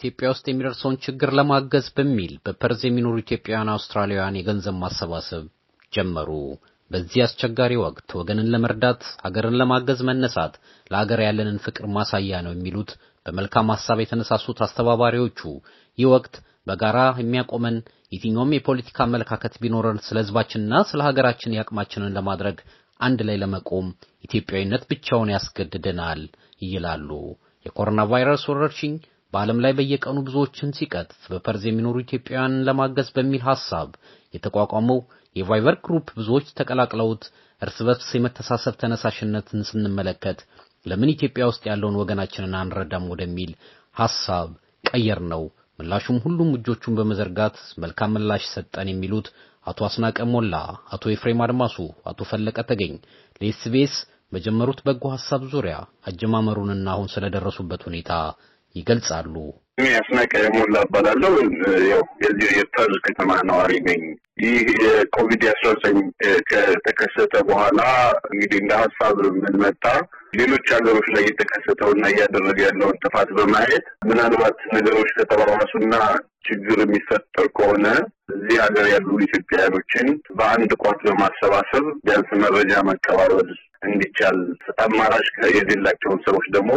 ኢትዮጵያ ውስጥ የሚደርሰውን ችግር ለማገዝ በሚል በፐርዝ የሚኖሩ ኢትዮጵያውያን አውስትራሊያውያን የገንዘብ ማሰባሰብ ጀመሩ። በዚህ አስቸጋሪ ወቅት ወገንን ለመርዳት ሀገርን ለማገዝ መነሳት ለሀገር ያለንን ፍቅር ማሳያ ነው የሚሉት በመልካም ሀሳብ የተነሳሱት አስተባባሪዎቹ ይህ ወቅት በጋራ የሚያቆመን የትኛውም የፖለቲካ አመለካከት ቢኖረን ስለ ሕዝባችንና ስለ ሀገራችን ያቅማችንን ለማድረግ አንድ ላይ ለመቆም ኢትዮጵያዊነት ብቻውን ያስገድደናል ይላሉ። የኮሮና ቫይረስ ወረርሽኝ በዓለም ላይ በየቀኑ ብዙዎችን ሲቀጥፍ በፐርዝ የሚኖሩ ኢትዮጵያውያንን ለማገዝ በሚል ሐሳብ የተቋቋመው የቫይበር ግሩፕ ብዙዎች ተቀላቅለውት እርስ በርስ የመተሳሰብ ተነሳሽነትን ስንመለከት ለምን ኢትዮጵያ ውስጥ ያለውን ወገናችንን አንረዳም ወደሚል ሐሳብ ቀየር ነው። ምላሹም ሁሉም እጆቹን በመዘርጋት መልካም ምላሽ ሰጠን የሚሉት አቶ አስናቀ ሞላ፣ አቶ ኤፍሬም አድማሱ፣ አቶ ፈለቀ ተገኝ ለኤስቢኤስ በጀመሩት በጎ ሐሳብ ዙሪያ አጀማመሩንና አሁን ስለደረሱበት ሁኔታ ይገልጻሉ። እኔ አስናቀ የሞላ እባላለሁ። ያው የዚህ የፐርዝ ከተማ ነዋሪ ነኝ። ይህ የኮቪድ አስራ ዘጠኝ ከተከሰተ በኋላ እንግዲህ እንደ ሀሳብ የምንመጣ ሌሎች ሀገሮች ላይ የተከሰተውና እያደረገ ያለውን ጥፋት በማየት ምናልባት ነገሮች ከተባባሱና ችግር የሚፈጠር ከሆነ እዚህ ሀገር ያሉ ኢትዮጵያውያኖችን በአንድ ቋት በማሰባሰብ ቢያንስ መረጃ መቀባበል እንዲቻል አማራጭ የሌላቸውን ሰዎች ደግሞ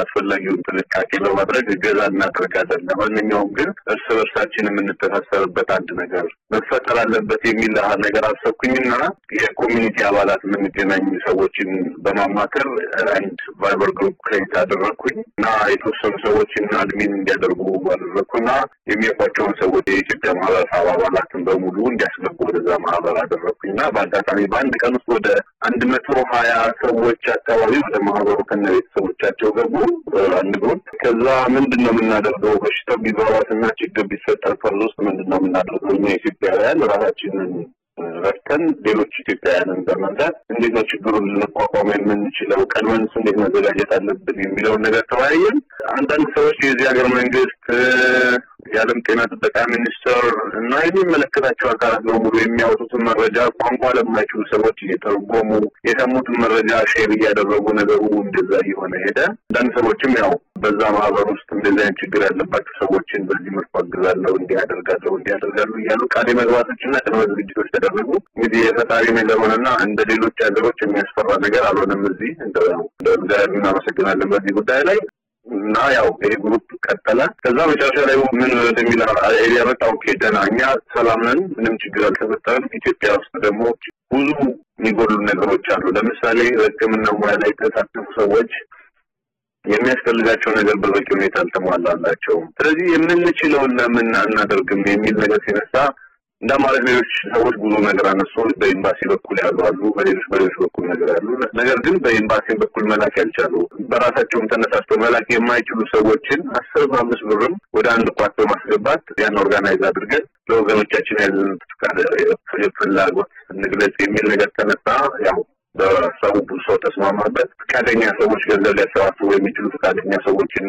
አስፈላጊውን ጥንቃቄ በማድረግ እገዛ እናደርጋለን። ለማንኛውም ግን እርስ በርሳችን የምንተሳሰርበት አንድ ነገር መፈጠር አለበት የሚል ነገር አሰብኩኝና የኮሚኒቲ አባላት የምንገናኝ ሰዎችን በማማከር አንድ ቫይበር ግሩፕ ክሬት አደረግኩኝ እና የተወሰኑ ሰዎችን አድሚን እንዲያደርጉ አደረግኩ አደረግኩና የሚያውቋቸውን ሰዎች የኢትዮጵያ ማህበረሰብ አባላትን በሙሉ እንዲያስገቡ ወደዛ ማህበር አደረግኩኝ እና በአጋጣሚ በአንድ ቀን ውስጥ ወደ አንድ መቶ ሀያ ሰዎች አካባቢ ወደ ማህበሩ ከነ ቤተሰቦቻቸው ገቡ። አንድ ግሩፕ ከዛ ምንድን ነው የምናደርገው በሽታው ቢበሯትና ችግር ቢፈጠር ፈርዝ ውስጥ ምንድን ነው የምናደርገው እኛ ኢትዮጵያውያን ራሳችንን ረድተን ሌሎች ኢትዮጵያውያንን በመምራት እንዴት ነው ችግሩን ልንቋቋም የምንችለው፣ ቀድመንስ እንዴት መዘጋጀት አለብን የሚለውን ነገር ተወያየን። አንዳንድ ሰዎች የዚህ ሀገር መንግስት የዓለም ጤና ጥበቃ ሚኒስቴር እና የሚመለከታቸው አካላት በሙሉ የሚያወጡትን መረጃ ቋንቋ ለማይችሉ ሰዎች እየተረጎሙ የሰሙትን መረጃ ሼር እያደረጉ ነገሩ እንደዛ እየሆነ ሄደ። አንዳንድ ሰዎችም ያው በዛ ማህበር ውስጥ እንደዚህ አይነት ችግር ያለባቸው ሰዎችን በዚህ መልኩ አግዛለሁ፣ እንዲህ እንዲያደርጋሉ እንዲህ አደርጋለሁ እያሉ ቃል መግባቶችና ቅድመ ዝግጅቶች ተደረጉ። እንግዲህ የፈጣሪ ነገሩንና እንደ ሌሎች ሀገሮች የሚያስፈራ ነገር አልሆነም። እዚህ እንደ እግዚአብሔር እናመሰግናለን በዚህ ጉዳይ ላይ እና ያው ይሄ ግሩፕ ቀጠለ። ከዛ መጨረሻ ላይ ምን እንደሚል ኤሪያ መጣ። ኦኬ ደህና እኛ ሰላም ነን፣ ምንም ችግር አልተፈጠረም። ኢትዮጵያ ውስጥ ደግሞ ብዙ የሚጎሉ ነገሮች አሉ። ለምሳሌ ሕክምና ሙያ ላይ የተሳተፉ ሰዎች የሚያስፈልጋቸው ነገር በበቂ ሁኔታ አልተሟላላቸውም። ስለዚህ የምንችለውን ለምን አናደርግም የሚል ነገር ሲነሳ እንደማለት ሌሎች ሰዎች ብዙ ነገር አነሱ። በኤምባሲ በኩል ያሉ አሉ፣ በሌሎች በሌሎች በኩል ነገር ያሉ። ነገር ግን በኤምባሲ በኩል መላክ ያልቻሉ በራሳቸውም ተነሳስተው መላክ የማይችሉ ሰዎችን አስር በአምስት ብርም ወደ አንድ ኳት በማስገባት ያን ኦርጋናይዝ አድርገን ለወገኖቻችን ያለን ፍላጎት እንግለጽ የሚል ነገር ተነሳ። ያው በሀሳቡ ብዙ ሰው ተስማማበት። ፈቃደኛ ሰዎች ገንዘብ ሊያሰባስቡ የሚችሉ ፈቃደኛ ሰዎችን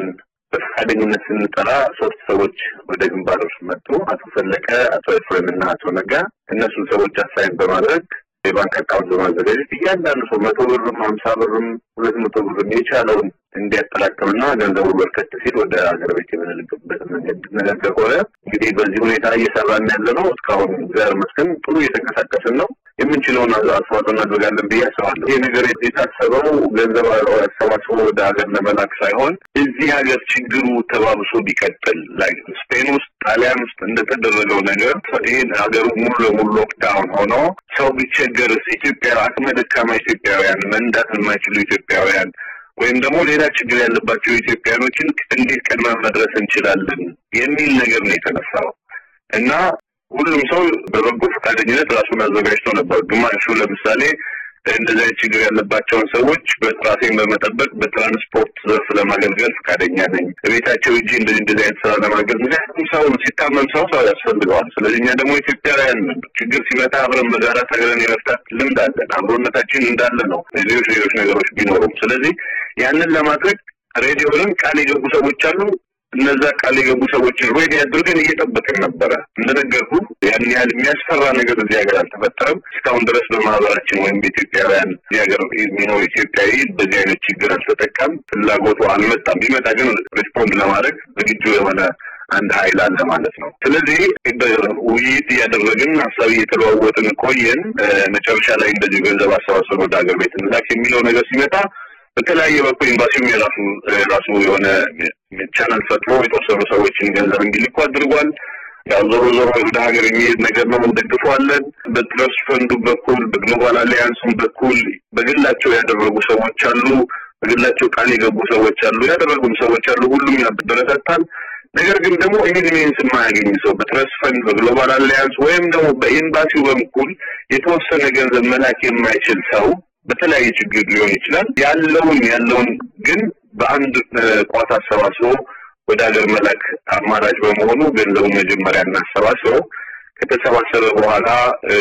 በፈቃደኝነት ስንጠራ ሶስት ሰዎች ወደ ግንባሮች መጡ። አቶ ፈለቀ፣ አቶ ኤፍሬም እና አቶ ነጋ። እነሱን ሰዎች አሳይን በማድረግ የባንክ አካውንት በማዘጋጀት እያንዳንዱ ሰው መቶ ብርም ሀምሳ ብርም ሁለት መቶ ብርም የቻለውን እንዲያጠራቅምና ገንዘቡ በርከት ሲል ወደ ሀገር ቤት የምንልቅበት መንገድ ነገር ከሆነ እንግዲህ በዚህ ሁኔታ እየሰራን ያለ ነው። እስካሁን እግዚአብሔር ይመስገን ጥሩ እየተንቀሳቀስን ነው። የምንችለውን አስተዋጽኦ እናደርጋለን ብዬ አስባለሁ። ይህ ነገር የታሰበው ገንዘብ አሰባስቦ ወደ ሀገር ለመላክ ሳይሆን እዚህ ሀገር ችግሩ ተባብሶ ቢቀጥል ላይ ስፔን ውስጥ፣ ጣሊያን ውስጥ እንደተደረገው ነገር ይህን ሀገሩ ሙሉ ለሙሉ ሎክዳውን ሆኖ ሰው ቢቸገርስ ኢትዮጵያ አቅመ ደካማ ኢትዮጵያውያን መንዳት የማይችሉ ኢትዮጵያውያን ወይም ደግሞ ሌላ ችግር ያለባቸው ኢትዮጵያኖችን እንዴት ቀድመን መድረስ እንችላለን የሚል ነገር ነው የተነሳው እና ሁሉም ሰው በበጎ ፈቃደኝነት ራሱን አዘጋጅቶ ነበር። ግማሹ ለምሳሌ እንደዚህ ችግር ያለባቸውን ሰዎች በጥራሴን በመጠበቅ በትራንስፖርት ዘርፍ ለማገልገል ፈቃደኛ ነኝ፣ እቤታቸው እጂ እንደዚህ እንደዚህ አይነት ስራ ለማገልገል ምክንያቱም ሰው ሲታመም ሰው ሰው ያስፈልገዋል። ስለዚህ እኛ ደግሞ ኢትዮጵያውያን ችግር ሲመጣ አብረን በጋራ ተግረን የመፍታት ልምድ አለን። አብሮነታችን እንዳለ ነው፣ ሌሎች ሌሎች ነገሮች ቢኖሩም። ስለዚህ ያንን ለማድረግ ሬዲዮንም ቃል የገቡ ሰዎች አሉ። እነዛ ቃል የገቡ ሰዎችን ወይ አድርገን እየጠበቅን ነበረ። እንደነገርኩ ያን ያህል የሚያስፈራ ነገር እዚህ ሀገር አልተፈጠረም። እስካሁን ድረስ በማህበራችን ወይም በኢትዮጵያውያን እዚህ ሀገር የሚኖር ኢትዮጵያዊ በዚህ አይነት ችግር አልተጠቃም። ፍላጎቱ አልመጣም። ቢመጣ ግን ሪስፖንድ ለማድረግ ዝግጁ የሆነ አንድ ኃይል አለ ማለት ነው። ስለዚህ ውይይት እያደረግን ሀሳብ እየተለዋወጥን ቆየን። መጨረሻ ላይ እንደዚህ ገንዘብ አሰባሰብ ወደ ሀገር ቤት እንላክ የሚለው ነገር ሲመጣ በተለያየ በኩል ኤምባሲውም የራሱ ራሱ የሆነ ቻናል ፈጥሮ የተወሰኑ ሰዎችን ገንዘብ እንዲልኩ አድርጓል። ያው ዞሮ ዞሮ ወደ ሀገር የሚሄድ ነገር ነው፣ እንደግፈዋለን። በትረስ ፈንዱ በኩል በግሎባል አሊያንሱም በኩል በግላቸው ያደረጉ ሰዎች አሉ፣ በግላቸው ቃል የገቡ ሰዎች አሉ፣ ያደረጉም ሰዎች አሉ። ሁሉም ያበረታታል። ነገር ግን ደግሞ ይህን ሜንስ የማያገኝ ሰው በትረስ ፈንድ በግሎባል አሊያንስ ወይም ደግሞ በኤምባሲው በኩል የተወሰነ ገንዘብ መላክ የማይችል ሰው በተለያየ ችግር ሊሆን ይችላል። ያለውን ያለውን ግን በአንድ ቋት አሰባስቦ ወደ ሀገር መላክ አማራጭ በመሆኑ ገንዘቡ መጀመሪያ እናሰባስበው፣ ከተሰባሰበ በኋላ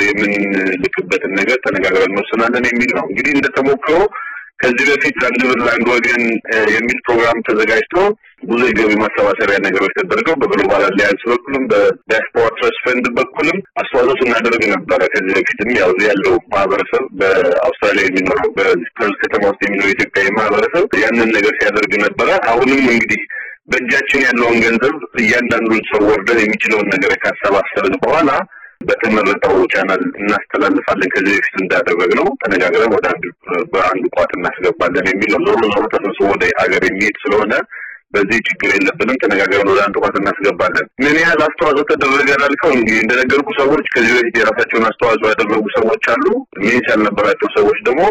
የምንልክበትን ነገር ተነጋግረን እንወስናለን የሚል ነው እንግዲህ እንደተሞክሮ ከዚህ በፊት አንድ ብር ለአንድ ወገን የሚል ፕሮግራም ተዘጋጅቶ ብዙ የገቢ ማሰባሰቢያ ነገሮች ተደርገው በግሎባል አሊያንስ በኩልም በዲያስፖራ ትረስት ፈንድ በኩልም አስተዋጽኦ ስናደርግ ነበረ። ከዚህ በፊትም ያው ያለው ማህበረሰብ በአውስትራሊያ የሚኖረው በፐርዝ ከተማ ውስጥ የሚኖረው ኢትዮጵያዊ ማህበረሰብ ያንን ነገር ሲያደርግ ነበረ። አሁንም እንግዲህ በእጃችን ያለውን ገንዘብ እያንዳንዱን ሰው ወርደን የሚችለውን ነገር ካሰባሰብን በኋላ በተመረጠው ቻናል እናስተላልፋለን። ከዚህ በፊት እንዳደረግነው ተነጋግረን ወደ አንድ በአንድ ቋት እናስገባለን የሚለው ዞሮ ዞሮ ተሰብስቦ ወደ ሀገር የሚሄድ ስለሆነ በዚህ ችግር የለብንም። ተነጋግረን ወደ አንድ ቋት እናስገባለን። ምን ያህል አስተዋጽኦ ተደረገ ላልከው፣ እንግዲህ እንደነገርኩ ሰዎች ከዚህ በፊት የራሳቸውን አስተዋጽኦ ያደረጉ ሰዎች አሉ። ሜንስ ያልነበራቸው ሰዎች ደግሞ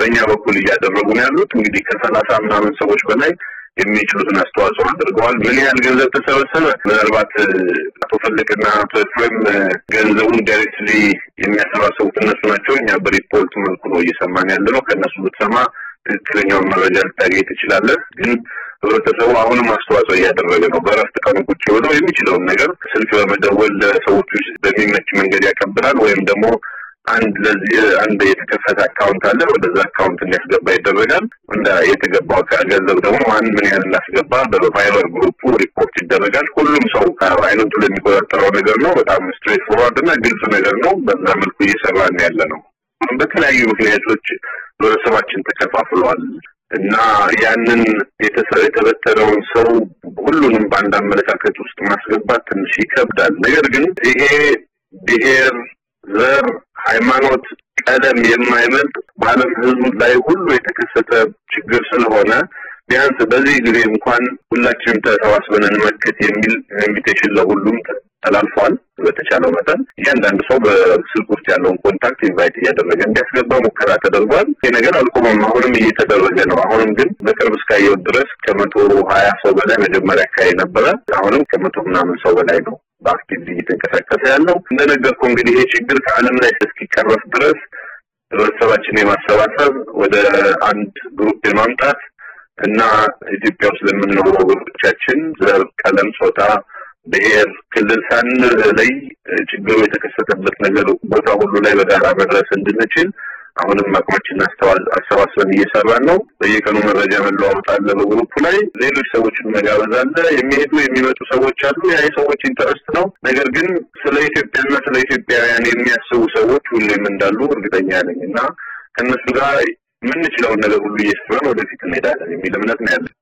በእኛ በኩል እያደረጉ ነው ያሉት። እንግዲህ ከሰላሳ ምናምን ሰዎች በላይ የሚችሉትን አስተዋጽኦ አድርገዋል። ምን ያህል ገንዘብ ተሰበሰበ? ምናልባት አቶ ፈለቅና አቶ ኤፍሬም ገንዘቡን ዳይሬክትሊ የሚያሰባሰቡት እነሱ ናቸው። እኛ በሪፖርት መልኩ ነው እየሰማን ያለ ነው። ከእነሱ ብትሰማ ትክክለኛውን መረጃ ልታገኝ ትችላለን። ግን ህብረተሰቡ አሁንም አስተዋጽኦ እያደረገ ነው። በእረፍት ቀኑ ቁጭ ብለው የሚችለውን ነገር ስልክ በመደወል ለሰዎቹ በሚመች መንገድ ያቀብላል ወይም ደግሞ አንድ ለዚህ አንድ የተከፈተ አካውንት አለ። ወደዛ አካውንት እንዲያስገባ ይደረጋል። እንደ የተገባው ገንዘብ ደግሞ አንድ ምን ያህል እንዳስገባ በቫይበር ግሩፑ ሪፖርት ይደረጋል። ሁሉም ሰው አይነቱ ለሚቆጣጠረው ነገር ነው። በጣም ስትሬት ፎርዋርድ እና ግልጽ ነገር ነው። በዛ መልኩ እየሰራን ያለ ነው። በተለያዩ ምክንያቶች ህብረተሰባችን ተከፋፍሏል እና ያንን የተበተረውን ሰው ሁሉንም በአንድ አመለካከት ውስጥ ማስገባት ትንሽ ይከብዳል። ነገር ግን ይሄ ብሄር፣ ዘር ሃይማኖት፣ ቀለም የማይመልጥ በዓለም ህዝብ ላይ ሁሉ የተከሰተ ችግር ስለሆነ ቢያንስ በዚህ ጊዜ እንኳን ሁላችንም ተሰባስበን እንመክት የሚል ኢንቪቴሽን ለሁሉም ተላልፏል። በተቻለው መጠን እያንዳንዱ ሰው በስልክ ውስጥ ያለውን ኮንታክት ኢንቫይት እያደረገ እንዲያስገባ ሙከራ ተደርጓል። ይህ ነገር አልቆመም፣ አሁንም እየተደረገ ነው። አሁንም ግን በቅርብ እስካየው ድረስ ከመቶ ሀያ ሰው በላይ መጀመሪያ አካባቢ ነበረ። አሁንም ከመቶ ምናምን ሰው በላይ ነው በአክቲቪቲ እየተንቀሳቀሰ ያለው። እንደነገርኩ እንግዲህ ይሄ ችግር ከዓለም ላይ እስኪቀረፍ ድረስ ህብረተሰባችን የማሰባሰብ ወደ አንድ ግሩፕ የማምጣት እና ኢትዮጵያ ውስጥ ለምንኖሩ ወገኖቻችን ዘር፣ ቀለም፣ ጾታ፣ ብሔር፣ ክልል ሳንለይ ችግሩ የተከሰተበት ነገር ቦታ ሁሉ ላይ በጋራ መድረስ እንድንችል አሁንም እናስተዋል አሰባስበን እየሰራን ነው። በየቀኑ መረጃ መለዋወጥ አለ በግሩፕ ላይ ሌሎች ሰዎችን መጋበዝ አለ። የሚሄዱ የሚመጡ ሰዎች አሉ። ያ የሰዎች ኢንተረስት ነው። ነገር ግን ስለ ኢትዮጵያና ስለ ኢትዮጵያውያን የሚያስቡ ሰዎች ሁሌም እንዳሉ እርግጠኛ ነኝ እና ከእነሱ ጋር የምንችለውን ነገር ሁሉ እየሰራን ወደፊት እንሄዳለን የሚል እምነት ነው ያለን።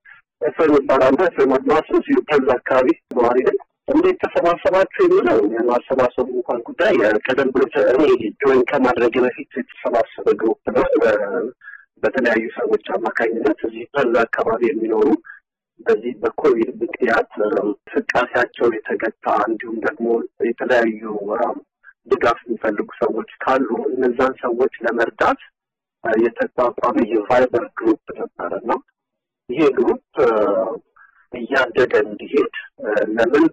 ሰር ይባላለ ሰ ማስስ ዩፐል አካባቢ ነዋሪ ነኝ እንዴት ተሰባሰባችሁ የሚለው ማሰባሰቡ እንኳን ጉዳይ ቀደም ብሎ እኔ ጆይን ከማድረግ በፊት የተሰባሰበ ግሩፕ ነው። በተለያዩ ሰዎች አማካኝነት እዚህ በዛ አካባቢ የሚኖሩ በዚህ በኮቪድ ምክንያት እንቅስቃሴያቸው የተገታ እንዲሁም ደግሞ የተለያዩ ድጋፍ የሚፈልጉ ሰዎች ካሉ እነዛን ሰዎች ለመርዳት የተቋቋመ የቫይበር ግሩፕ ነበረ እና ይሄ ግሩፕ እያደገ እንዲሄድ ለምን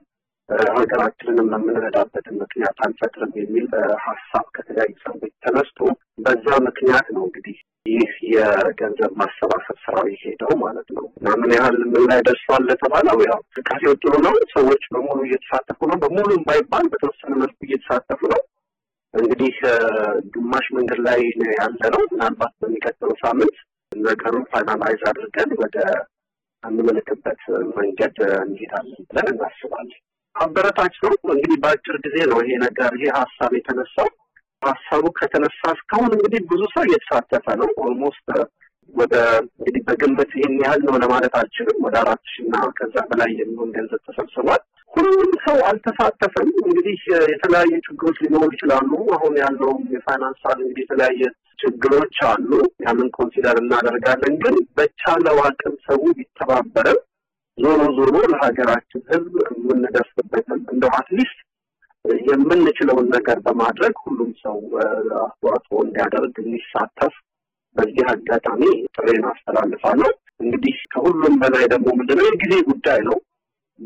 ሀገራችንንም የምንረዳበትን ምክንያት አንፈጥርም የሚል ሀሳብ ከተለያዩ ሰዎች ተነስቶ በዛ ምክንያት ነው እንግዲህ ይህ የገንዘብ ማሰባሰብ ስራ የሄደው ማለት ነው እና ምን ያህል ምን ላይ ደርሷል ለተባለው ያው እንቅስቃሴው ጥሩ ነው። ሰዎች በሙሉ እየተሳተፉ ነው። በሙሉም ባይባል በተወሰነ መልኩ እየተሳተፉ ነው። እንግዲህ ግማሽ መንገድ ላይ ያለ ነው። ምናልባት በሚቀጥለው ሳምንት ነገሩን ፋይናላይዝ አድርገን ወደ አንመለክበት መንገድ እንሄዳለን ብለን እናስባለን። አበረታች ነው። እንግዲህ በአጭር ጊዜ ነው ይሄ ነገር ይሄ ሀሳብ የተነሳው። ሀሳቡ ከተነሳ እስካሁን እንግዲህ ብዙ ሰው እየተሳተፈ ነው። ኦልሞስት ወደ እንግዲህ በግንበት ይህን ያህል ነው ለማለት አልችልም። ወደ አራት ሺ እና ከዛ በላይ የሚሆን ገንዘብ ተሰብስቧል። ሁሉም ሰው አልተሳተፈም። እንግዲህ የተለያዩ ችግሮች ሊኖሩ ይችላሉ። አሁን ያለው የፋይናንሳል እንግዲህ የተለያየ ችግሮች አሉ። ያንን ኮንሲደር እናደርጋለን። ግን በቻለው አቅም ሰው ቢተባበረም ዞሮ ዞሮ ለሀገራችን ህዝብ የምንደርስበትን እንደው አትሊስት የምንችለውን ነገር በማድረግ ሁሉም ሰው አስተዋጽኦ እንዲያደርግ እንዲሳተፍ በዚህ አጋጣሚ ጥሬን አስተላልፋለሁ። እንግዲህ ከሁሉም በላይ ደግሞ ምንድነው የጊዜ ጉዳይ ነው።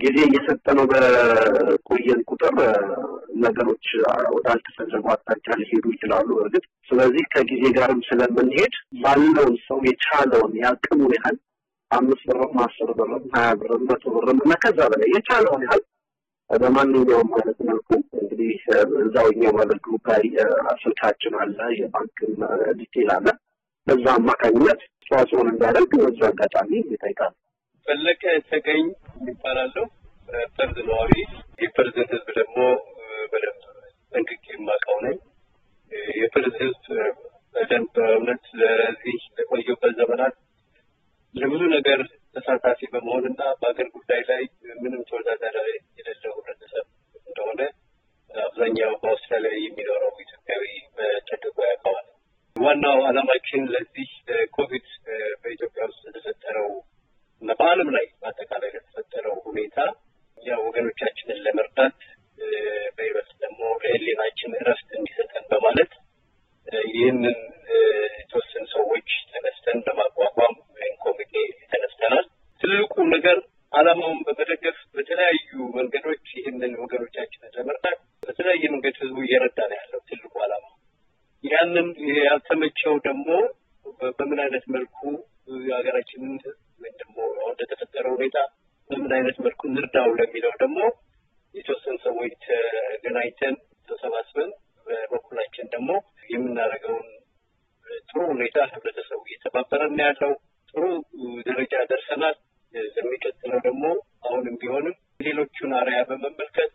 ጊዜ እየሰጠነው በቆየን ቁጥር ነገሮች ወዳልተፈለጉ አቅጣጫ ሊሄዱ ይችላሉ። እርግጥ ስለዚህ ከጊዜ ጋርም ስለምንሄድ ባለውን ሰው የቻለውን ያቅሙ ያህል አምስት ብርም አስር ብርም ሀያ ብርም መቶ ብርም እና ከዛ በላይ የቻለውን ያህል በማንኛውም ማለት መልኩ እንግዲህ እዛው እኛ ማለት ግሩፕ ላይ ስልካችን አለ፣ የባንክ ዲቴል አለ። በዛ አማካኝነት አስተዋጽኦን እንዳደርግ በዛ አጋጣሚ ይጠይቃል። ፈለቀ ተገኝ ይባላለሁ። ፐርዝ ነዋሪ፣ የፐርዝ ህዝብ ደግሞ በደንብ ጠንቅቄ የማውቀው ነኝ። የፐርዝ ህዝብ በደንብ በእውነት ለዚህ ለቆየበት ዘመናት ለብዙ ነገር ተሳታፊ በመሆን እና በአገር ጉዳይ ላይ ምንም ተወዳዳሪ የሌለው ህብረተሰብ እንደሆነ አብዛኛው በአውስትራሊያ የሚኖረው ኢትዮጵያዊ በጠንቅቆ ያውቀዋል። ዋናው አላማችን ለዚህ ኮቪድ በኢትዮጵያ ውስጥ ለተፈጠረው እና በዓለም ላይ በአጠቃላይ ለተፈጠረው ሁኔታ ያ ወገኖቻችንን ለመርዳት በይበልጥ ደግሞ ለህሊናችን እረፍት እንዲሰጠን በማለት ይህንን የተወሰኑ ሰዎች ሁሉም ነገር አላማውን በመደገፍ በተለያዩ መንገዶች ይህንን ወገኖቻችን ለመርዳት በተለያየ መንገድ ህዝቡ እየረዳ ነው ያለው ትልቁ አላማ። ያንን ያልተመቸው ደግሞ በምን አይነት መልኩ የሀገራችንን ወይም ደግሞ አሁን እንደተፈጠረው ሁኔታ በምን አይነት መልኩ እንርዳው ለሚለው ደግሞ የተወሰኑ ሰዎች ተገናኝተን ተሰባስበን በበኩላችን ደግሞ የምናደርገውን ጥሩ ሁኔታ ህብረተሰቡ እየተባበረን ያለው ጥሩ ደረጃ ደርሰናል። በሚቀጥለው ደግሞ አሁንም ቢሆንም ሌሎቹን አሪያ በመመልከት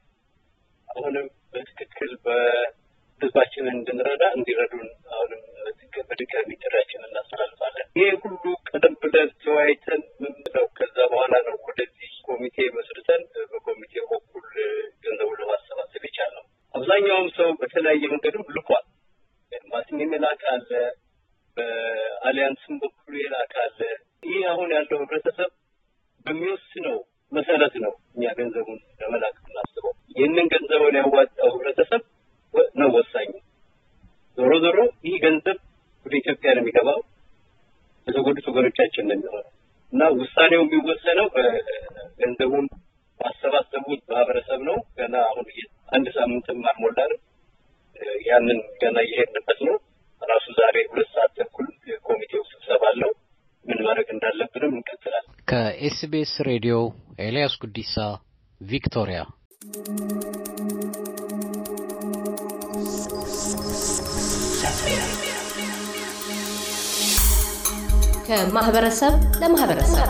አሁንም በትክክል በህዝባችንን እንድንረዳ እንዲረዱን አሁንም በድጋሚ ጥሪያችንን እናስተላልፋለን። ይሄ ሁሉ ቀደም ብለን ተወያይተን ምንለው ከዛ በኋላ ነው ወደዚህ ኮሚቴ መስርተን በኮሚቴ በኩል ገንዘቡ ለማሰባሰብ የቻልነው። አብዛኛውም ሰው በተለያየ መንገድም ልኳል። ማስም የላከ አለ፣ በአሊያንስም በኩል የላከ አለ። ይህ አሁን ያለው ህብረተሰብ በሚወስነው መሰረት ነው እኛ ገንዘቡን ለመላክ እናስበው። ይህንን ገንዘቡን ያዋጣው ህብረተሰብ ነው ወሳኝ። ዞሮ ዞሮ ይህ ገንዘብ ወደ ኢትዮጵያ ነው የሚገባው፣ የተጎዱት ወገኖቻችን ነው የሚሆነው እና ውሳኔው የሚወሰነው ገንዘቡን ማሰባሰቡት ማህበረሰብ ነው። ገና አሁን አንድ ሳምንትም አልሞላንም። ያንን ገና እየሄድንበት ነው። ራሱ ዛሬ ሁለት ሰዓት ተኩል የኮሚቴው ስብሰባ አለው። ምን ማድረግ እንዳለብንም ከኤስቢኤስ ሬዲዮ ኤልያስ ጉዲሳ ቪክቶሪያ። ከማህበረሰብ ለማህበረሰብ